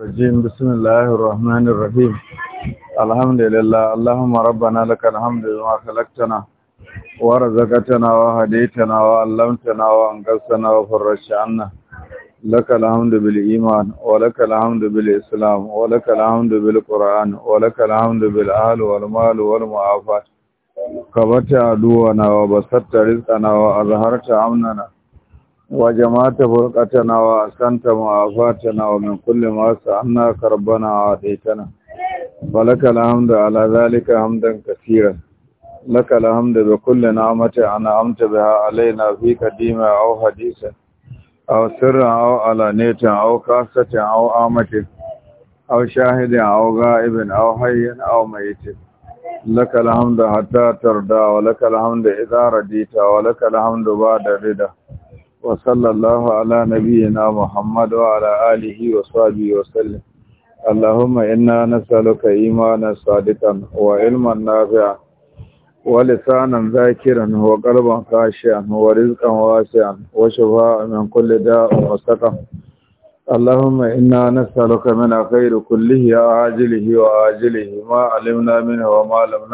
الرجيم بسم الله الرحمن الرحيم الحمد لله اللهم ربنا لك الحمد لما خلقتنا ورزقتنا وهديتنا وعلمتنا وانقذتنا وفرجت عنا لك الحمد بالإيمان ولك الحمد بالإسلام ولك الحمد بالقرآن ولك الحمد بالأهل والمال والمعافات كبرت عدونا وبسطت رزقنا وأظهرت أمننا وجمعت فرقتنا وأسكنت معافاتنا ومن كل ما سألناك ربنا وعديتنا ولك الحمد على ذلك حمدا كثيرا لك الحمد بكل نعمة أنعمت بها علينا في قديمة أو حديثة أو سر أو علانية أو خاصة أو آمة أو شاهد أو غائب أو حي أو ميت لك الحمد حتى ترضى ولك الحمد إذا رديت ولك الحمد بعد رضا wa ala nabiyyina Muhammad wa ala alihi wa sahbihi wa sallam Allahumma inna nas'aluka wa ilman nafi'an wa lisanan zakiran wa qalban khashian wa rizqan wasi'an wa shifaa'an min kulli da'in wa saqam Allahumma inna nas'aluka min khayri kullihi ajlihi wa ajlihi ma 'alimna minhu wa ma lam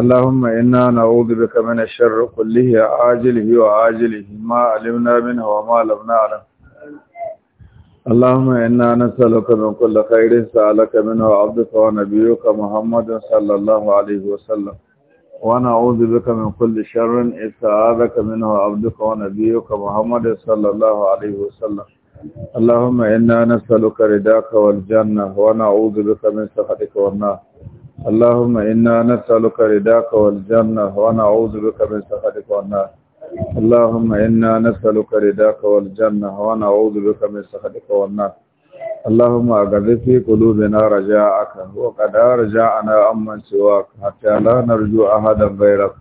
اللهم إنا نعوذ بك من الشر كله عاجله وعاجله ما علمنا منه وما لم نعلم اللهم إنا نسألك من كل خير سألك منه عبدك ونبيك محمد صلى الله عليه وسلم ونعوذ بك من كل شر استعاذك منه عبدك ونبيك محمد صلى الله عليه وسلم اللهم إنا نسألك رداك والجنة ونعوذ بك من سخطك والنار اللهم إنا نسألك رداك والجنة ونعوذ بك من سخطك والنار اللهم إنا نسألك رداك والجنة ونعوذ بك من سخطك والنار اللهم أغذ في قلوبنا رجاءك وقد رجعنا عمن سواك حتى لا نرجو أحدا غيرك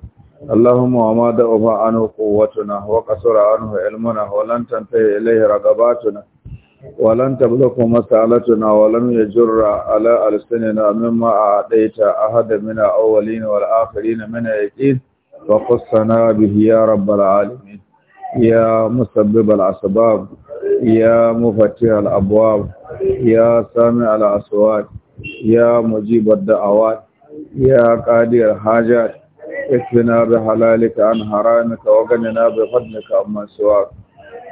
اللهم وما دعوا عنه قوتنا وقصر عنه علمنا ولن تنتهي إليه رغباتنا ولن تبلغ مسألتنا ولم يجر على ألسننا مما أعطيت أحد من الأولين والآخرين من اليقين وقصنا به يا رب العالمين يا مسبب الأسباب يا مفتح الأبواب يا سامع الأصوات يا مجيب الدعوات يا قادر الحاجات اكفنا بحلالك عن حرامك وغننا بفضلك عمن سواك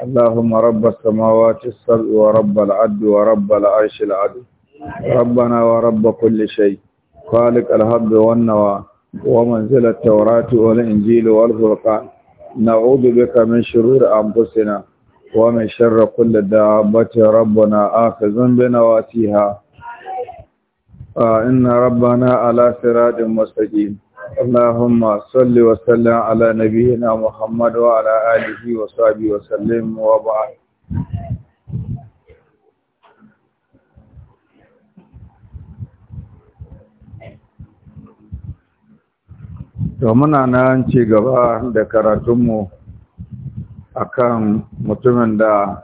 اللهم رب السماوات السبع ورب العد ورب العرش العد ربنا ورب كل شيء خالق الهب والنوى ومنزل التوراة والإنجيل والفرقان نعوذ بك من شرور أنفسنا ومن شر كل دابة ربنا آخذ بنواتيها آه إن ربنا على سراج مستقيم اللهم صل وسلم على نبينا محمد وعلى آله وصحبه وسلم وبعد to muna nan ci gaba da karatunmu akan mutumin da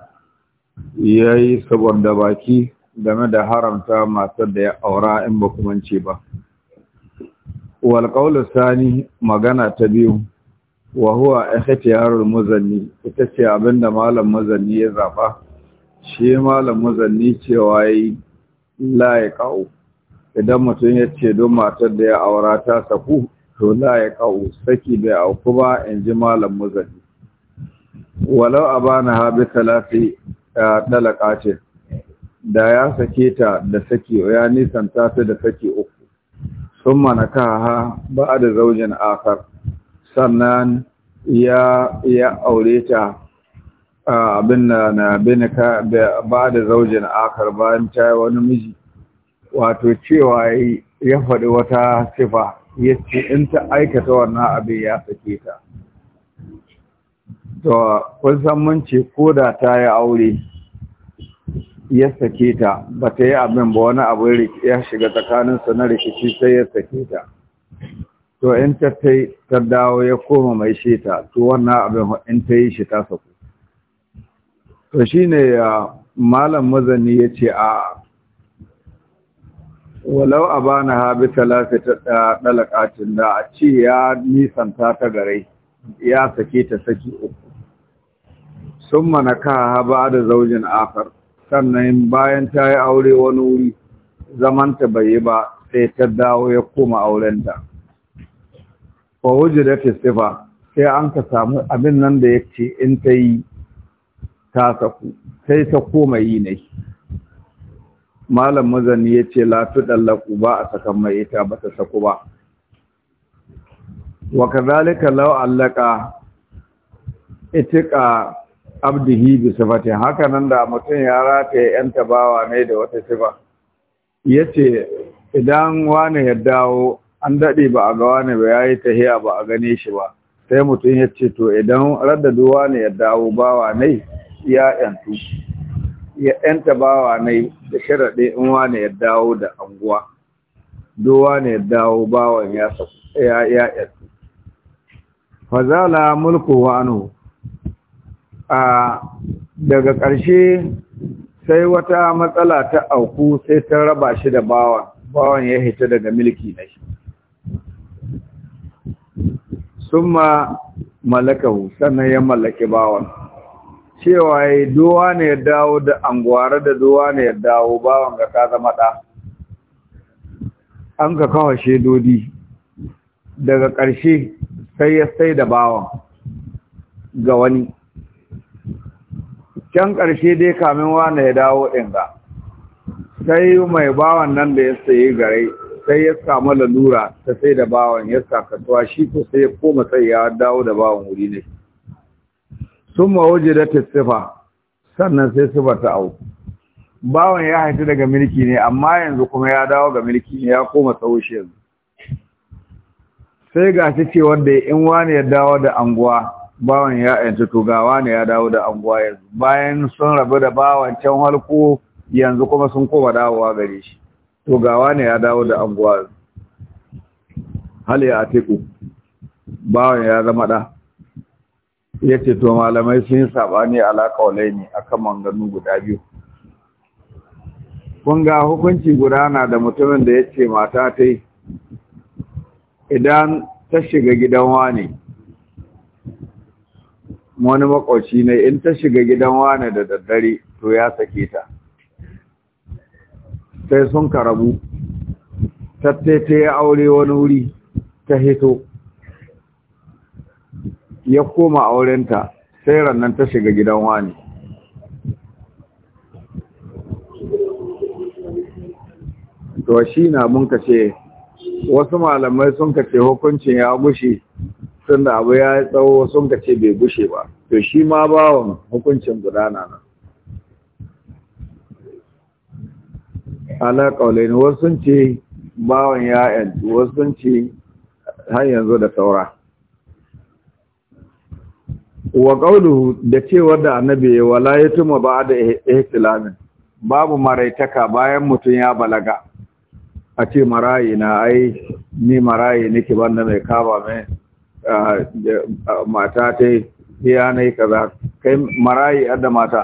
ya yi saboda baki game da haramta matar da ya aura in ba kuma ce ba wal Sani magana ta biyu wa huwa yaron muzanni ita ce abinda malam muzanni ya zaba shi malam muzanni cewa yi la ya idan mutum ya ce don matar da ya aura ta saku to la ya saki bai auku ba in ji malam muzanni walau a bana habi talafi dalaka ce da ya sake ta da saki ya nisanta ta da saki uku sun ha ba da zaujin akar sannan ya aure ta abin na ba da zaujin akar bayan ta wani miji wato cewa ya faɗi wata sifa ya ce in ta aikata wannan abin ya sake ta to kun san mun ce ko da ta yi aure ya sake ta ba ta yi abin ba wani abu ya shiga tsakaninsu na rikici sai ya sake ta to in ta ta dawo ya koma mai shi ta to wannan abin in ta yi shi ta saku to shi ne malam mazani ya ce a walau a na habi talafi ta ɗalakacin da a ci ya nisanta ta gare ya sake ta saki uku sun mana ka haba da zaujin afar sannan bayan ta yi aure wani wuri zamanta bai yi ba sai ta dawo ya koma aurenta fa da sifa sai an ka samu abin nan da yake in ta yi ta saku sai ta koma yi ne malam mazani ya ce latu ɗallaku ba a sakan mai ita ba ta saku ba wa kazalika law allaka itika abdihi bi sifatin haka nan da mutum ya rataye yan tabawa ne da wata sifa yace idan wani ya dawo an dade ba a ga wani ba yayi tahiya ba a gane shi ba sai mutum ya ce to idan raddadu wani ya dawo bawa ne ya yantu ya yanta bawa ne da sharaɗe in wani ya dawo da anguwa duk wani ya dawo bawan ya ya yantu fazala mulku wa A daga ƙarshe sai wata matsala ta auku sai ta raba shi da bawan bawan ya hita daga milki na shi ma malakahu sannan ya mallaki bawan cewa ya duwa ne ya dawo da anguware da duwa ne ya dawo bawan ga ta zama ɗa an ka kawo shedodi daga ƙarshe sai ya sai da bawan ga wani can ƙarshe dai kamin wane ya dawo inda sai mai bawan nan da ya sayi gare sai ya samu lalura ta sai da bawan ya sa kasuwa shi ko sai ya koma sai ya dawo da bawan wuri ne sun waje da tattafa sannan sai su ta auku bawan ya haifi daga milki ne amma yanzu kuma ya dawo ga milki ne ya koma tsawoshi yanzu sai ga shi ce wanda in wani ya dawo da anguwa bawan ya yanci tugawa ne ya dawo da anguwa yanzu bayan sun rabu da bawan can halko yanzu kuma sun koma dawowa gare shi tugawa ne ya dawo da anguwa Hali ya teku, bawan ya zama da ya ce to malamai sun yi sabani ala kaulai ne akan manganu guda biyu kun ga hukunci na da mutumin da ya ce mata ta yi idan ta shiga gidan wani wani makwaci ne in ta shiga gidan wane da daddare to ya sake ta sai sun karabu tattaita ya aure wani wuri ta hito ya koma aurenta sai rannan ta shiga gidan wani to shi na mun kace wasu malamai sun kace hukuncin ya gushe Tunda da abu ya yi tsawo sun ka ce bai gushe ba to shi ma bawan hukuncin gudana nan ala wasu sun ce bawan ya yanzu wasu sun ce har yanzu da saura wa kauluhu da cewar da annabi ya wala ya tuma ba da ihtilamin babu maraitaka bayan mutum ya balaga a ce marayi na ai ni marayi nake banda mai kaba mai mata ta yi ya na yi kaza kai marayi adda mata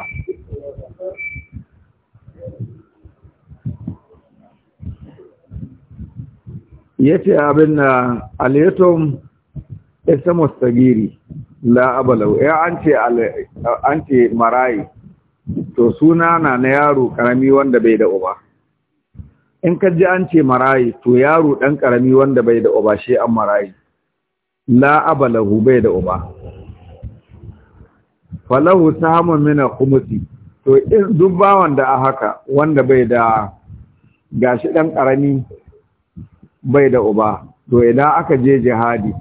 ya ce abin na aliyatom isa mustagiri abalau ya an ce marayi to suna na na yaro karami wanda bai da uba in ka ji an ce marayi to yaro dan karami wanda bai da uba shi an marayi la abala bai da uba falahu samun mina kumusi to in duk da a haka wanda bai da gashi dan karami bai da uba to idan aka je jihadi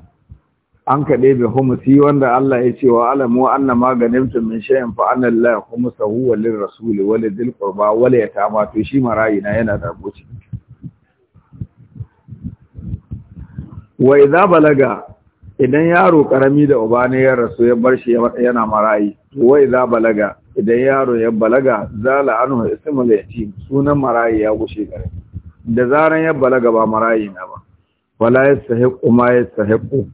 an ka ɗebe humusi wanda Allah ya ce wa alamu annama maganin min shay'in fa anna lillahi khumsahu wa lirrasuli wa lidil qurba wa la yatama to shi marayi na yana da goci wa idza balaga idan yaro karami da uba ne ya rasu ya bar shi yana marayi to wai za balaga idan yaro ya balaga za la anhu ismul yatim sunan marayi ya gushe gare da zaran ya balaga ba marayi na ba wala yastahiqu ma yastahiqu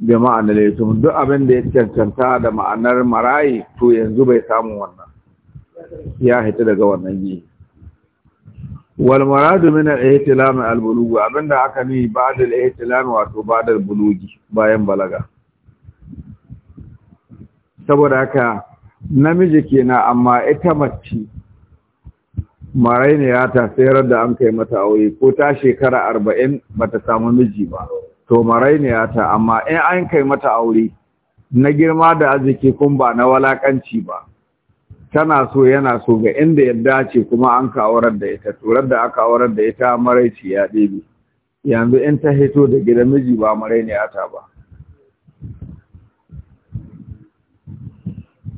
bi ma'anar yatim duk abin da ya cancanta da ma'anar marayi to yanzu bai samu wannan ya hita daga wannan yi wal maradu min al abinda aka ni ba'd al-ihtilam wato ba'd al bulugi, bayan balaga saboda haka namiji kenan amma ita mace Marainiyata ta sayar da an kai mata aure ko ta shekara 40 bata samu miji ba to marainiyata. ta amma in an kai mata aure na girma da arziki kun ba na walakanci ba tana so yana so ga inda ya dace kuma an kawarar aurar da ita turar da aka aurar da ita maraici ya ɗebe yanzu in ta hito da gida miji ba marai ne ata ba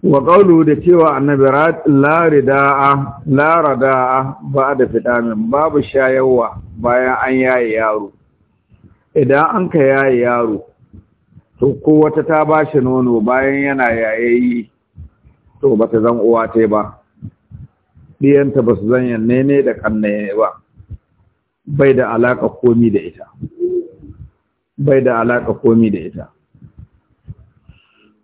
wa qawlu da cewa annabi la ridaa ba da fidamin babu shayarwa bayan an yaye yaro idan an ka yaye yaro to ko wata ta bashi nono bayan yana yayayi to ba ta zan uwa ta ba ɗiyanta ba su zan yanne ne da kannaye ba bai da alaƙa komi da ita bai da alaƙa komi da ita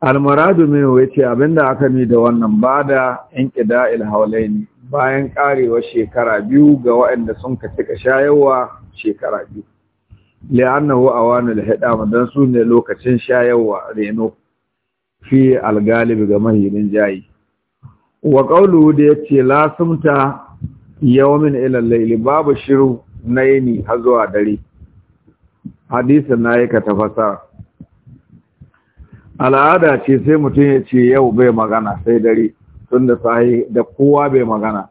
almaradu min wace abinda aka mi da wannan ba da in ƙida ne, bayan ƙarewa shekara biyu ga waɗanda sun ka cika shayarwa shekara biyu li'annahu awanul hidama dan su ne lokacin shayarwa reno fi algalibi ga mahilin jayi wa qawlu da yace la sumta yawmin ila layli babu shiru na har zuwa dare hadisin na yake tafasa al'ada ce sai mutum ya ce yau bai magana sai dare tun da sai da kowa bai magana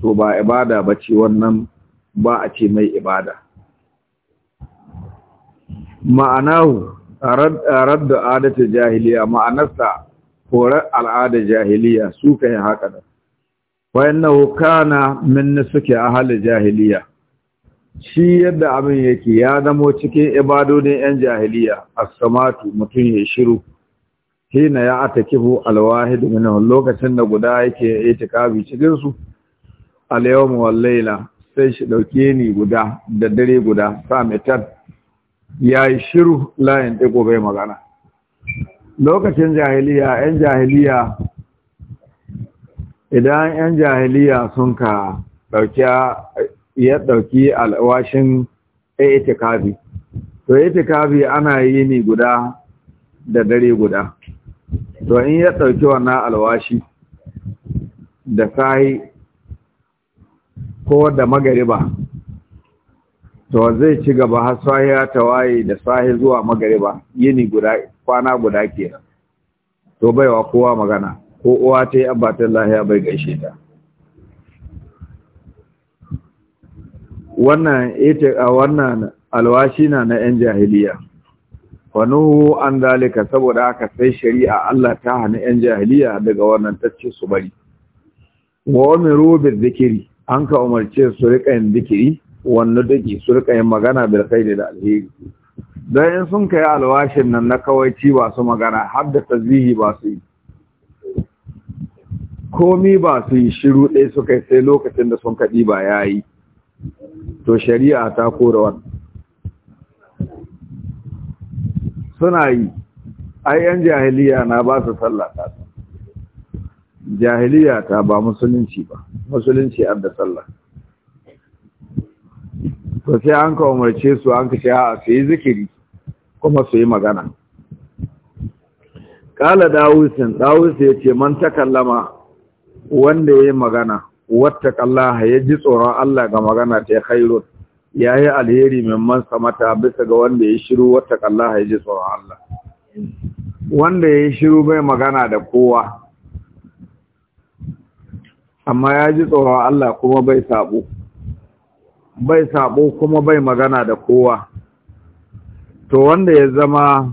to ba ibada ba ce wannan ba a ce mai ibada ma'anahu radda adata jahiliya ma'anarsa horar al'adar jahiliya su ka yi haka da wayannahu na minna suke a halin jahiliya shi yadda abin yake ya zamo cikin ibadodin yan jahiliya a samatu mutum ya shiru hina ya atakifu al alwahid minhum lokacin da guda yake ya cikin su cikinsu yawm wal sai shi ɗauke ni guda da dare guda samitan ya yi shiru layin ɗigo bai magana lokacin jahiliya 'yan jahiliya idan 'yan jahiliya sun ka ɗauki ya ɗauki alwashin itikafi to itikafi ana yi ni guda da dare guda to in ya ɗauki wannan alwashi da sahi ko da magariba to zai ci gaba har sahiya ta waye da sahi zuwa magariba yini guda kwana guda kenan to baiwa kowa magana ko uwa ta yi abatan lahiya bai gaishe ta wannan ita a wannan alwashi na na yan jahiliya wanuhu an dalika saboda haka sai shari'a Allah ta hana yan jahiliya daga wannan tacce su bari wa umiru bi an ka umarce su rika yin zikiri wannan dake su rika yin magana bil khairi da alheri dan in sun kai alwashin nan na kawaici ba su magana har da tazihi ba su yi komi ba su yi shiru ɗaya suka yi sai lokacin da sun kaɗi ba ya yi to shari'a ta kora wani suna yi ai yan jahiliya na ba su ta. jahiliya ta ba musulunci ba musulunci an da sallah to sai an ka umarce su an ka ce su yi zikiri kuma su yi magana kala dawusin dawus ya ce man kallama wanda ya yi magana wata kallaha ya ji tsoron Allah ga magana ta ya ya yi alheri mimman samata bisa ga wanda ya shiru wata kallaha ya ji tsoron Allah wanda ya shiru bai magana da kowa amma ya ji tsoron Allah kuma bai saɓo. bai sabo kuma bai magana da kowa to wanda ya zama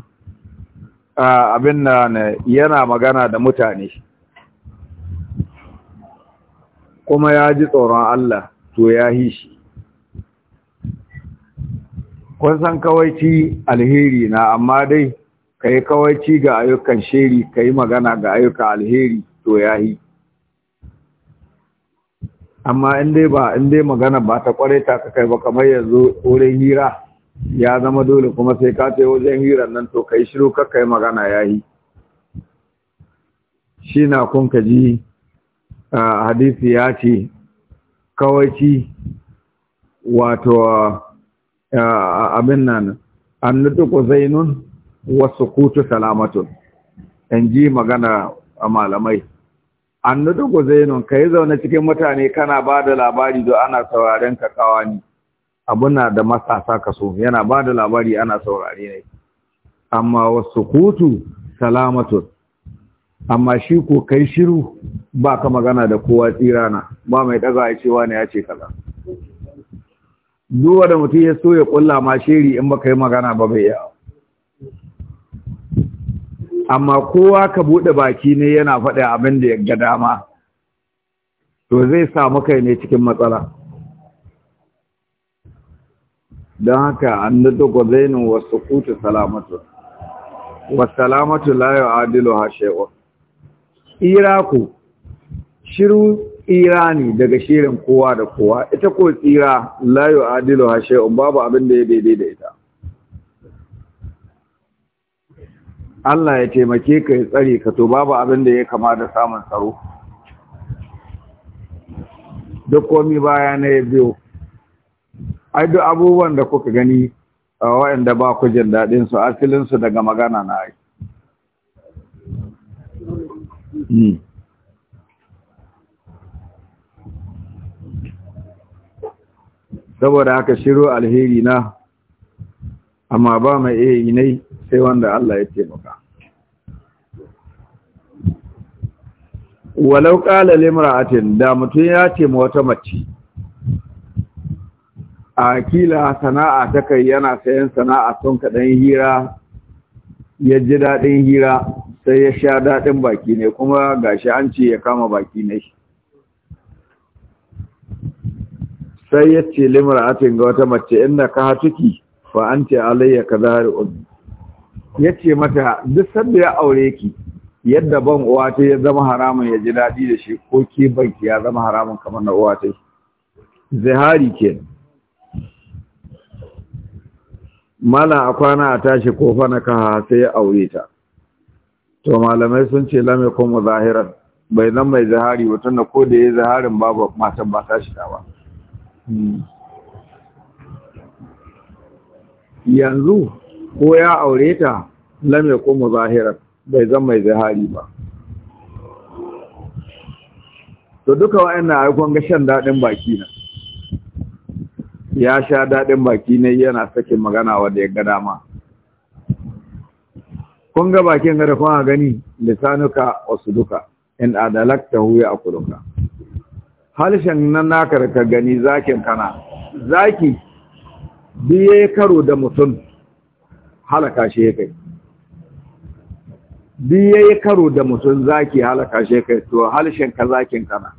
abin da yana magana da mutane kuma ya ji tsoron Allah to ya yi shi kun san kawaici alheri na amma dai ka yi kawaici ga ayyukan sheri ka yi magana ga ayyukan alheri to ya yi amma in dai ba in dai magana ba ta kware ta ka kai ba kamar yanzu wurin hira ya zama dole kuma sai ka ce wajen hiran nan to kai shiru ka kai magana yayi shi na kun ka ji hadisi ya ce kawaici wato abin nan an nutuku zainun wasu kutu salamatun in ji magana a malamai annudu guzainun ka yi zaune cikin mutane kana ba da labari don ana sauraren ka kawani abuna da matasa so yana ba da labari ana saurare ne amma wasu kutu salamatun amma shi ko kai shiru ba ka magana da kowa tsira na ba mai daga ya cewa ne ya ce kaza duwa da mutum ya so ya kulla ma shiri in baka yi magana ba bai yawa amma kowa ka buɗe baki ne yana faɗa abin da ya ga dama to zai samu kai ne cikin matsala don haka an nada gwazainin wasu kuta salamatu wasu salamatu layo adilu hashewa shiru tsira ne daga shirin kowa da kowa ita ko tsira layo adilu hashewa babu abin da ya daidai da ita Allah ya taimake ka ya tsare ka to babu abin da ya kama da samun tsaro duk komi baya na ya biyo ai duk abubuwan da kuka gani a waɗanda ba ku jin daɗin su asalin daga magana na ai hmm. saboda haka shiru alheri na amma ba mai iya yi ne sai wanda Allah ya taimaka walau qala limra'atin da mutum ya ce ma wata mace a kila sana'a ta kai yana sayan sana'a sun kaɗan hira ya ji daɗin hira sai ya sha daɗin baki ne kuma gashi an ce ya kama baki ne sai ya ce limra'atin ga wata mace inda ka hatuki fa Alayyaka alayya kadhari Ya ce mata duk sanda ya aure ki yadda ban uwa ta ya zama haramun ya ji daɗi da shi ko ke banki ya zama haramun kamar na uwa ta zihari mala a kwana a tashi ko fana ka sai ya aure ta to malamai sun ce lamai kuma zahiran bai zan mai zahari ba tunda ko da ya zaharin babu matan ba ta shiga ba hmm. yanzu ko ya aure ta lam ko muzahiran bai zan mai zahari ba to duka na aikon gashen shan daɗin baki na ya sha daɗin baki na yana sakin magana wadda ya ga dama kun ga bakin gada kuma gani lisanuka wasu duka in adalakta huya a kuduka halshen nan naka da ka gani zakin kana zaki biye karo da mutum halaka shi kai biye karo da mutum zaki halaka shi kai to halishin ka zakin kana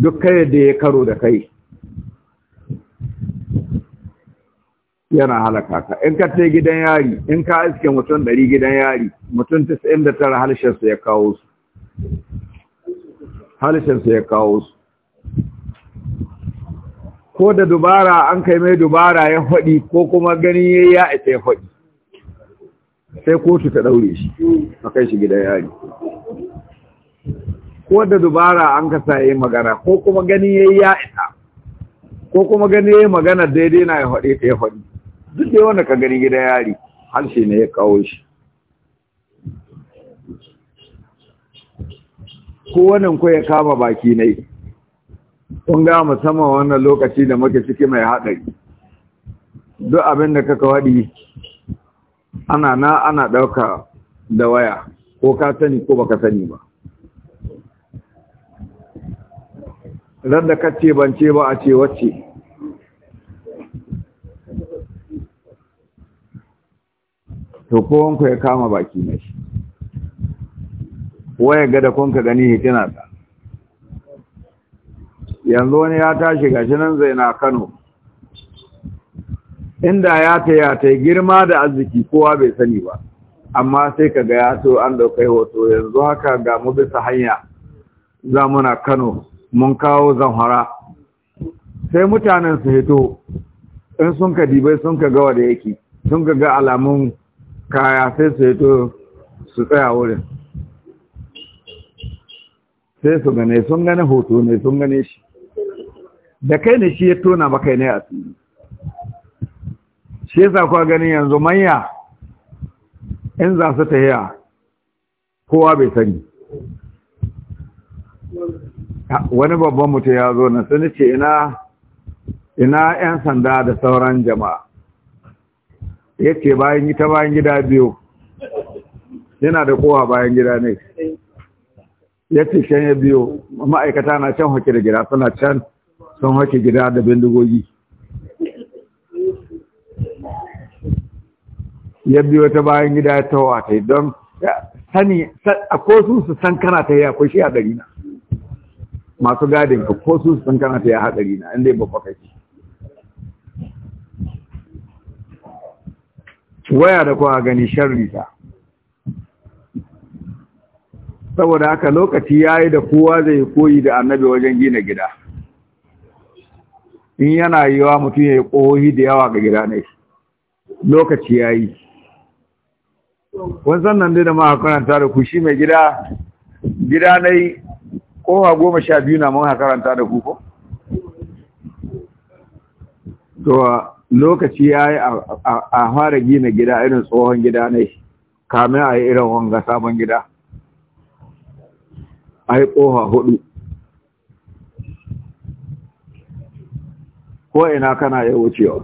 duk kai da ya karo da kai yana halaka ka in ka tai gidan yari in ka iske mutum ɗari gidan yari mutum tara halshen ya kawo su halshen su ya kawo su ko da dubara an kai mai dubara ya faɗi ko kuma gani ya yi ya ta ya faɗi sai kotu ta ɗaure shi a kai shi gidan yari ko da dubara an kasa ya yi magana ko kuma gani ya yi ya isa ko kuma gani ya yi magana daidai na ya faɗi ta ya faɗi duk yawan wanda ka gani gidan yari harshe ne ya kawo shi ko wannan ko ya kama baki na yi kun ga musamman wannan lokaci da muke ciki mai haɗari duk abin da kaka waɗi ana na ana ɗauka da waya ko ka sani ko baka sani ba da kace bance ba a ce wacce to kowanku ya kama baki na shi waya ga da kun ka gani hitina ta yanzu wani ya tashi ga nan zai na Kano inda ya ta ya ta girma da arziki kowa bai sani ba amma sai ka ga ya to an daukai hoto yanzu haka ga mu bisa hanya za muna Kano mun kawo zamfara sai mutanen su hito in sun ka dibai sun ka ga wanda yake sun ka ga alamun kaya sai su hito su tsaya wurin sai su gane sun gane hoto ne sun gane shi da kai ne shi ya tona maka ne a tsini shi sa kuwa ganin yanzu manya in za su tahiya kowa bai sani wani babban mutum ya zo na sun ce ina ina 'yan sanda da sauran jama'a ya ce bayan gita bayan gida biyu yana da kowa bayan gida ne ya ce shan ya biyu ma'aikata na can hukir gida suna can sun hake gida da bindigogi ya biyo ta bayan gida ya tawa ta yi don sani a ko su su san kana ta yi akwai shi haɗari na masu gadin ka ko su su san kana ta yi a haɗari na inda ba kai ce waya da kuwa gani sharri ta saboda haka lokaci ya yi da kowa zai koyi da annabi wajen gina gida in yana yiwa mutum ya yi ƙohi da yawa ga gida shi lokaci ya yi wanzan nan dai da ma karanta da ku shi mai gida gida yi ƙowa goma sha biyu na mun karanta da ku ko? to lokaci ya yi a fara gina gida irin tsohon gida shi kamin a yi irin wanga sabon gida a yi ƙoha hudu ko ina kana ya wucewa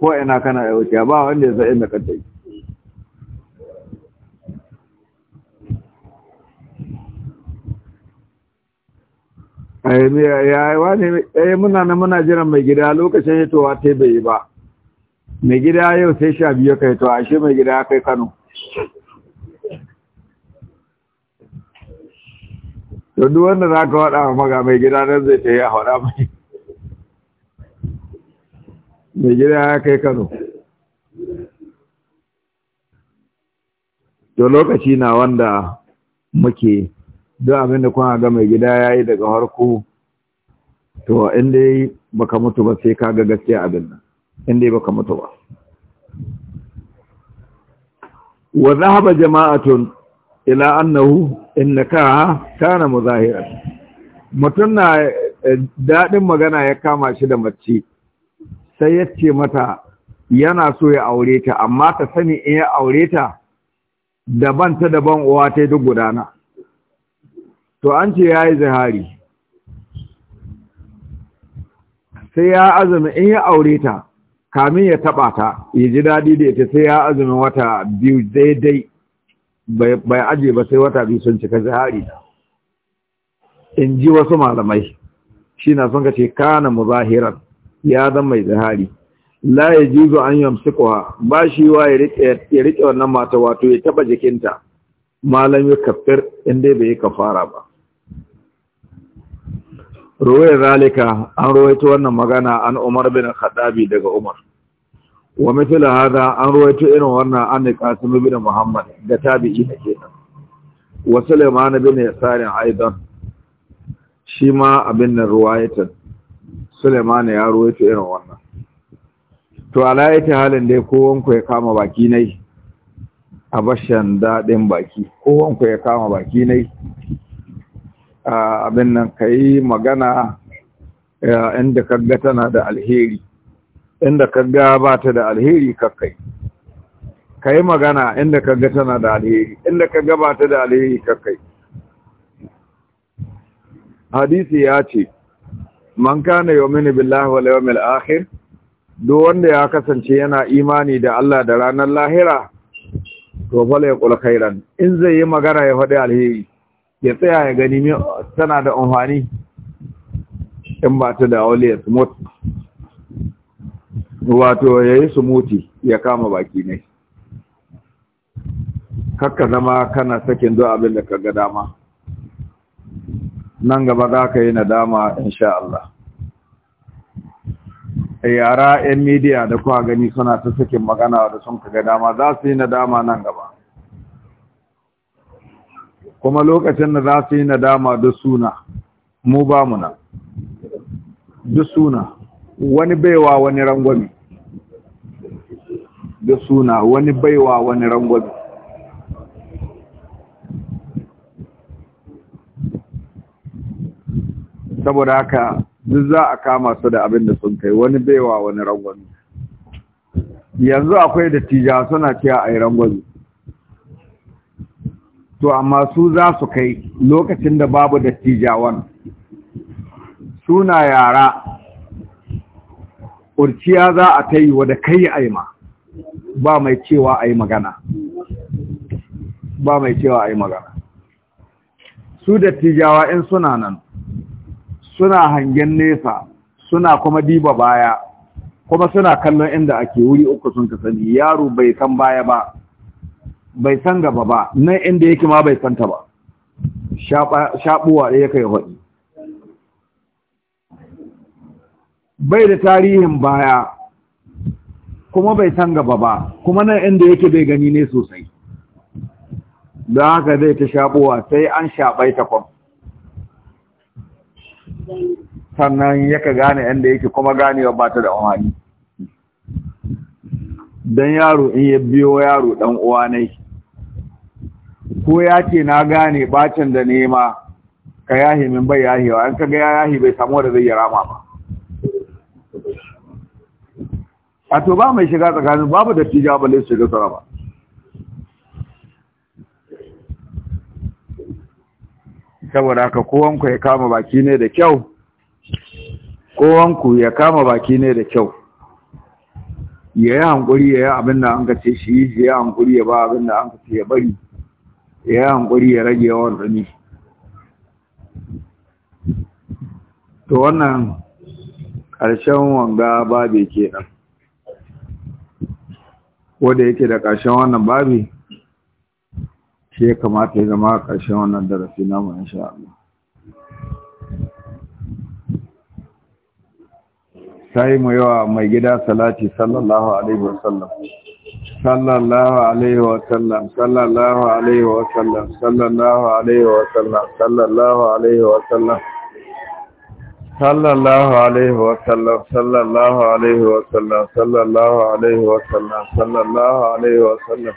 ko ina kana ya wucewa ba wanda ya sa'in da kaddai yayiwa ne ɗaya eh, muna na muna jiran mai gida lokacin hitowa ta bai yi ba mai gida yau sai sha biyu ka a ashe mai gida ya kai kano duk wanda za ka waɗa maga mai gida nan zai ta yi a waɗa mai mai gida ya kai kano to lokaci na wanda muke duk abin da kuna ga mai gida ya yi daga harko to inda ya baka mutu ba sai ka ga gaskiya abin nan inda ya baka mutu ba wa zahaba jama'atun ila annahu innaka kana muzahiran mutum na eh, daɗin magana ya kama shi da mace sai ya ce mata yana so ya aure ta amma ta sani in ya aure ta daban ta daban uwa ta duk gudana to an ce ya yi zahari sai ya azumi in ya aure ta kamin ya taɓa ta ya ji daɗi da ita sai ya azumi wata biyu daidai bai aje ba sai wata biyu sun cika zahari in ji wasu malamai shi na sun ka ce kana muzahiran ya zama mai zahari la ya jizo an kowa, ba shi wa ya riƙe wannan mata wato ya taba jikinta malam ya kafir inda bai yi kafara ba ruwayar zalika an ruwaito wannan magana an umar bin khadabi daga umar wa mithla hada an ruwaito irin wannan an qasim bin muhammad da tabi'i da kenan wa sulaiman bin yasarin aidan shi ma abin nan ruwayatan Suleimani ya ruwaito irin wannan to ala yake halin dai kowanku ya kama baki nai a bashan daɗin baki kowanku ya kama baki nai abin nan ka yi magana inda kaga tana da alheri inda kaga ba ta da alheri kakai ka yi magana inda kaga tana da alheri inda kaga ba ta da alheri kakai hadisi ya ce man kana yu'minu billahi wal yawmil akhir duk wanda ya kasance yana imani da Allah da ranar lahira to fala yaqul khairan in zai yi magana ya faɗi alheri ya tsaya ya gani tana da amfani in ba ta da ya smooth wato ya yi sumuti ya kama baki ne kakka zama kana sakin zuwa abin da ka ga dama nan gaba za ka yi nadama insha Allah yara 'yan midiya da kuwa gani suna ta sakin magana da sun kaga dama za su yi nadama nan gaba kuma lokacin da za su yi nadama duk suna mu ba mu nan duk suna wani baiwa wani rangwami duk suna wani baiwa wani rangwami saboda haka duk za a kama su da abin da sun kai wani baiwa wani rangwani. yanzu akwai da tija suna cewa a yi rangwani. to amma su za su kai lokacin da babu da tijawan suna yara ƙurciya za a ta yi wa da kai aima ba mai cewa a yi magana ba mai cewa a yi magana su da tijawa in suna nan suna hangen nesa suna kuma diba baya kuma suna kallon inda ake wuri uku sun ka sani yaro bai san baya ba bai san gaba ba nan inda yake ma bai santa ba shaɓuwa ɗaya kai haɗi bai da tarihin baya kuma bai san gaba ba kuma nan inda yake bai gani ne sosai don haka zai ta shaɓuwa sai an shaɓai takwam sannan yaka gane inda yake kuma ganewa ba ta da amfani don yaro in ya biyo yaro dan uwa ne ko ya ce na gane bacin da nema ka yahi min bai yahi wa an ka yahi bai samu da zai rama ba a to ba mai shiga tsakanin babu da tija balle su shiga ba. saboda haka kowanku ya kama baki ne da kyau kowanku ya kama baki ne da kyau ya yi hankuri ya yi abin da an ka ce shi ya yi hankuri ya ba abin da an ka ce ya bari ya yi hankuri ya rage yawan rani to wannan ƙarshen wanga babe Ko da yake da ƙarshen wannan babi shi ya kamata ya zama ƙarshen wannan darasi namu insha Allah sai mu yawa mai gida salati sallallahu alaihi wasallam sallallahu alaihi wasallam sallallahu alaihi wasallam sallallahu alaihi wasallam sallallahu alaihi wasallam sallallahu alaihi wasallam sallallahu alaihi wasallam sallallahu alaihi wasallam sallallahu alaihi wasallam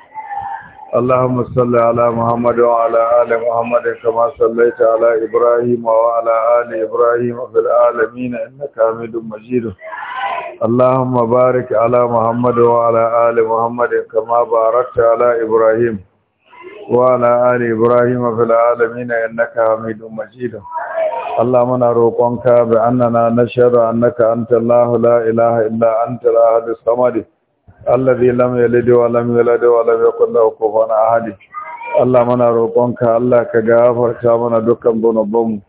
اللهم صل على محمد وعلى آل محمد كما صليت على إبراهيم وعلى آل إبراهيم في العالمين إنك حميد مجيد اللهم بارك على محمد وعلى آل محمد كما باركت على إبراهيم وعلى آل إبراهيم في العالمين إنك حميد مجيد اللهم نروقنك بأننا نشهد أنك أنت الله لا إله إلا أنت الأحد الصمد yalid wa lam yulad wa lam yakul lahu kufuwan ahad Allah mana roƙonka Allah ka gafarta mana dukkan bunubbanmu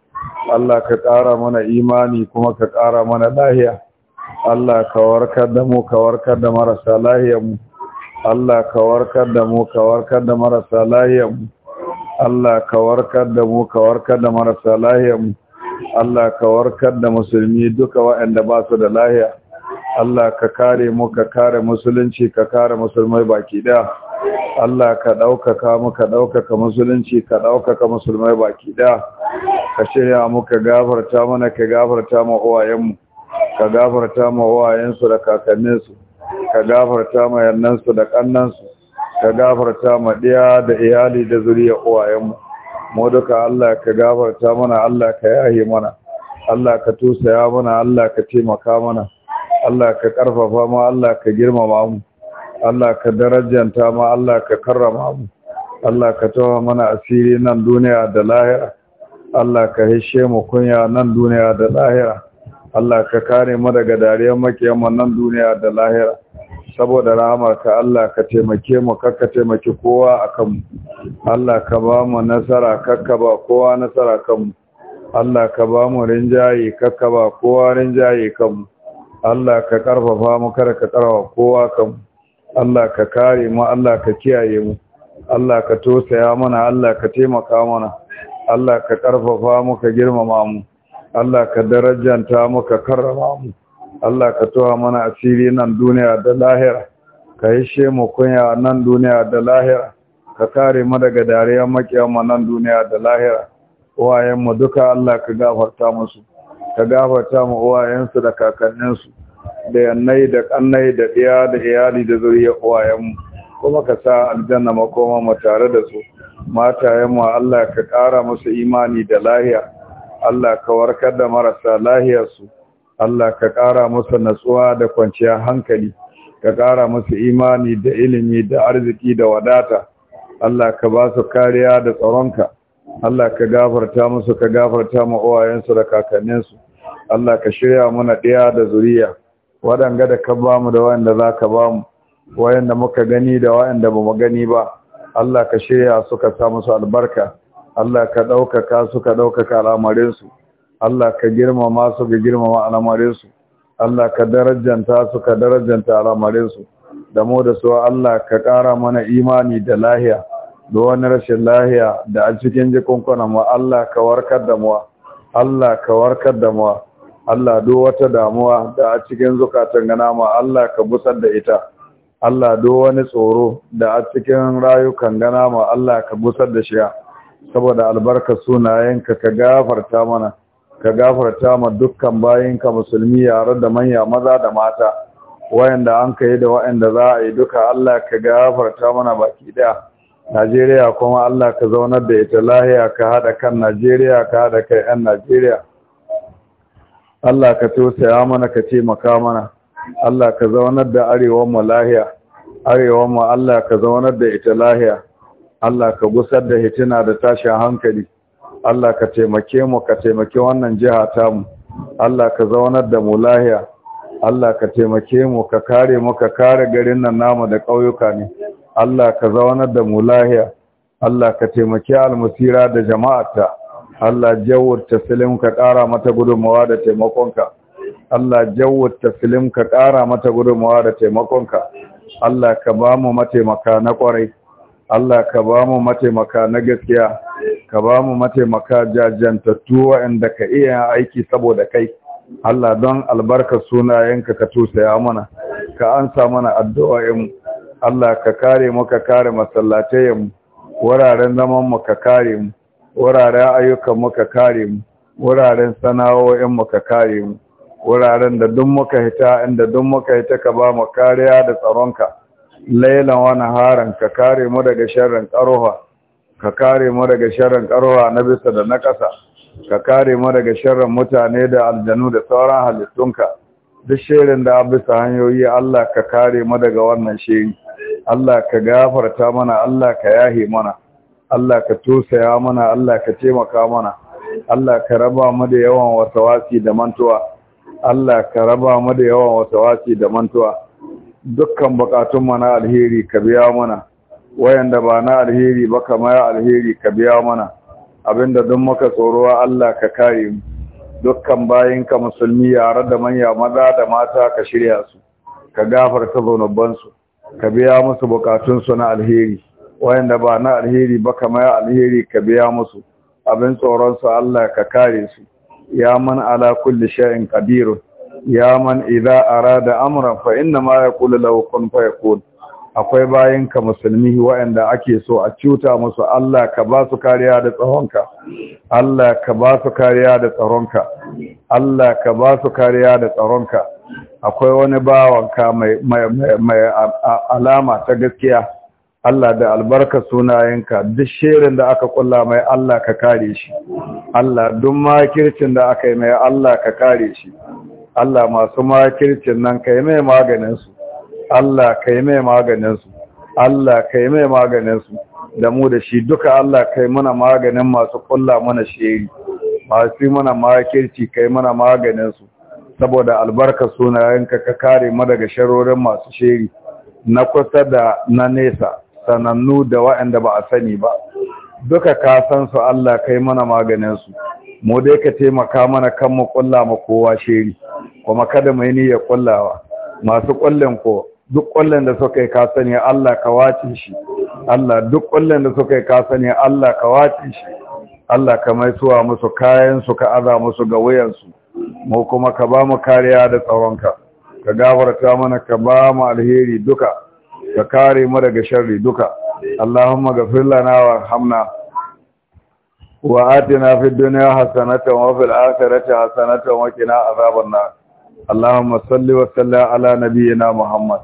Allah ka ƙara mana imani kuma ka ƙara mana lahiya Allah ka warkar da mu ka warkar da marasa lahiyarmu Allah ka warkar da mu ka warkar da marasa lahiyarmu Allah ka warkar da mu ka warkar da marasa lahiyarmu Allah ka warkar da musulmi duka waɗanda ba su da lahiya Allah ka kare mu ka kare musulunci ka kare musulmai baki daya Allah ka ɗaukaka mu ka ɗaukaka musulunci ka ɗaukaka musulmai baki daya ka shirya mu ka gafarta mana ka gafarta ma uwayenmu ka gafarta ma uwayensu da kakanninsu ka gafarta ma yannansu da su ka gafarta ma ɗiya da iyali da zuriya uwayenmu mu duka Allah ka gafarta mana Allah ka yahi mana Allah ka ya mana Allah ka taimaka mana Allah ka ƙarfafa mu Allah ka girmama mu Allah ka darajanta mu Allah ka karrama mu Allah ka tawa mana asiri nan duniya da lahira Allah ka hishe mu kunya nan duniya da lahira Allah ka kare mu daga dariyar makiyan mu nan duniya da lahira saboda ka Allah ka taimake mu kakka taimaki kowa akan mu Allah ka ba mu nasara kakka ba kowa nasara kan mu Allah ka ba mu rinjaye kakka ba kowa rinjaye kan mu Allah ka karfafa mu kada ka karawa kowa kan Allah ka kare mu Allah ka kiyaye mu Allah ka tosaya mana Allah ka taimaka mana Allah ka karfafa mu ka girmama mu Allah ka darajanta mu ka karrama mu Allah ka toha mana asiri nan duniya da lahira ka hishe mu kunya nan duniya da lahira ka kare mu daga dariyar makiyan mu nan duniya da lahira wayan mu duka Allah ka gafarta musu ka gafarta ma uwayensu da kakanninsu da yannai da kannai da ɗiya da iyali da zuriyar uwayenmu kuma ka sa aljanna makoma mu tare da su matayenmu Allah ka ƙara musu imani da lahiya Allah ka warkar da marasa lahiyarsu Allah ka ƙara musu natsuwa da kwanciyar hankali ka ƙara musu imani da ilimi da arziki da wadata Allah ka ba su kariya da tsaronka Allah ka gafarta musu ka gafarta ma uwayensu da kakanninsu Allah ka shirya mana ɗaya da zuriya waɗanga da ka bamu da waɗanda za ka bamu waɗanda muka gani da wayanda ba mu gani ba Allah ka shirya suka ka sa musu albarka Allah ka ɗaukaka suka ka ɗaukaka al'amarinsu Allah ka girmama su ka girmama al'amarinsu Allah ka darajanta su ka darajanta al'amarinsu da mu da su Allah ka ƙara mana imani da lahiya da wani rashin lahiya da a cikin jikunkunan mu Allah ka warkar da mu Allah ka warkar da mu Allah do wata damuwa da a cikin zukatan gana ma Allah ka busar da ita Allah do wani tsoro da a cikin rayukan gana ma Allah ka busar da shi saboda albarka sunayenka ka gafarta mana ka gafarta ma dukkan bayinka musulmi yare da manya maza da mata wayanda an kai da wayanda za a yi duka Allah ka gafarta mana baki daya Najeriya kuma Allah ka zaunar da ita lahiya ka hada kan Najeriya ka hada kai 'yan Najeriya Allah ka tausaya mana ka taimaka mana Allah ka zaunar da arewa mu lahiya arewa mu Allah ka zaunar da ita lahiya Allah ka gusar da hitina da tashin hankali Allah ka taimake mu ka taimake wannan jiha ta mu Allah ka zaunar da mu lahiya Allah ka taimake mu ka kare mu ka kare garin nan namu da ƙauyuka ne Allah ka zaunar da mu lahiya Allah ka taimake almusira da jama'arta Allah jawwata filin ka ƙara mata gudunmawa da taimakonka Allah jawwata filin ka ƙara mata gudunmawa da taimakonka Allah ka ba mu mataimaka na ƙwarai Allah ka ba mu mataimaka na gaskiya ka ba mu mataimaka jajantattu waɗanda ka iya aiki saboda kai Allah don albarka sunayenka ka tusaya mana ka ansa mana addu'o'in Allah ka kare mu ka kare masallatayen mu wuraren zaman mu ka kare mu wuraren ayyukan muka kare mu wuraren sana'o'in muka kare mu wuraren da duk muka hita inda duk muka hita ka ba mu kariya da tsaronka lailan wani haran ka kare mu daga sharrin karuwa ka kare mu daga sharrin karuwa na bisa da na ƙasa ka kare mu daga sharrin mutane da aljanu da sauran halittunka duk shirin da bisa hanyoyi Allah ka kare mu daga wannan shiri Allah ka gafarta mana Allah ka yahe mana Allah ka tosaya mana Allah ka taimaka mana Allah ka raba mu da yawan wasawasi da mantuwa Allah ka raba mu da yawan wasawasi da mantuwa dukkan bukatun mu na alheri ka biya mana wayanda ba na alheri ba kamar alheri ka biya mana abinda duk muka tsorowa Allah ka kare mu dukkan bayinka musulmi yare da manya maza da mata ka shirya su ka gafarta zanubansu ka biya musu bukatunsu na alheri wayanda ba na alheri ba kamar alheri ka biya musu abin tsoron su Allah ka kare su ya man ala kulli shay'in qadir ya man idza arada amran fa inna ma yaqulu lahu kun fayakun akwai bayan ka musulmi wayanda ake so a cuta musu Allah ka ba su kariya da tsaronka Allah ka ba su kariya da tsaronka Allah ka ba su kariya da tsaronka akwai wani bawanka mai mai alama ta gaskiya Allah da albarka sunayenka duk shirin da aka kulla mai Allah ka kare shi Allah duk makircin da aka yi mai Allah ka kare shi Allah masu makircin nan ka yi mai su. Allah ka yi mai su. Allah ka yi mai su. da mu da shi duka Allah kai muna mana maganin masu kulla mana shiri masu mana makirci kai muna maganin su. saboda albarka sunayenka ka kare mu daga sharorin masu shiri na kusa da na nesa sanannu da waɗanda ba a sani ba duka ka san su Allah kai mana maganin su mu dai ka taimaka mana kan mu kulla ma kowa shiri kuma kada mai niyyar kullawa masu kullen ko duk kullen da suka ka sani Allah ka wace shi Allah duk kullen da suka ka sani Allah ka wace shi Allah ka mai suwa musu kayan su ka aza musu ga wayan su mu kuma ka ba mu kariya da tsaronka ka gafarta mana ka ba mu alheri duka ka kare mu daga sharri duka Allahumma ghafir lana wa hamna wa atina fid dunya hasanatan wa fil akhirati hasanatan wa qina azaban nar Allahumma salli wa salli ala nabiyyina Muhammad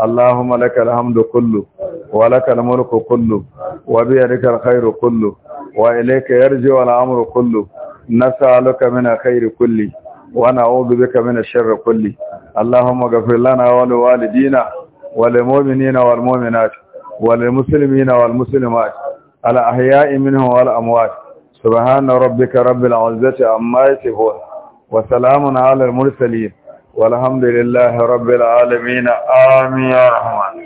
Allahumma lakal hamdu kullu wa lakal mulku kullu wa bi yadika alkhairu kullu wa ilayka yarji'u al'amru kullu nas'aluka min alkhairi kulli wa na'udhu bika min ash-sharri kulli Allahumma ghafir lana wa walidina. وللمؤمنين والمؤمنات وللمسلمين والمسلمات الأحياء منهم والأموات سبحان ربك رب العزة عما يصفون وسلام على المرسلين والحمد لله رب العالمين آمين يا رحمن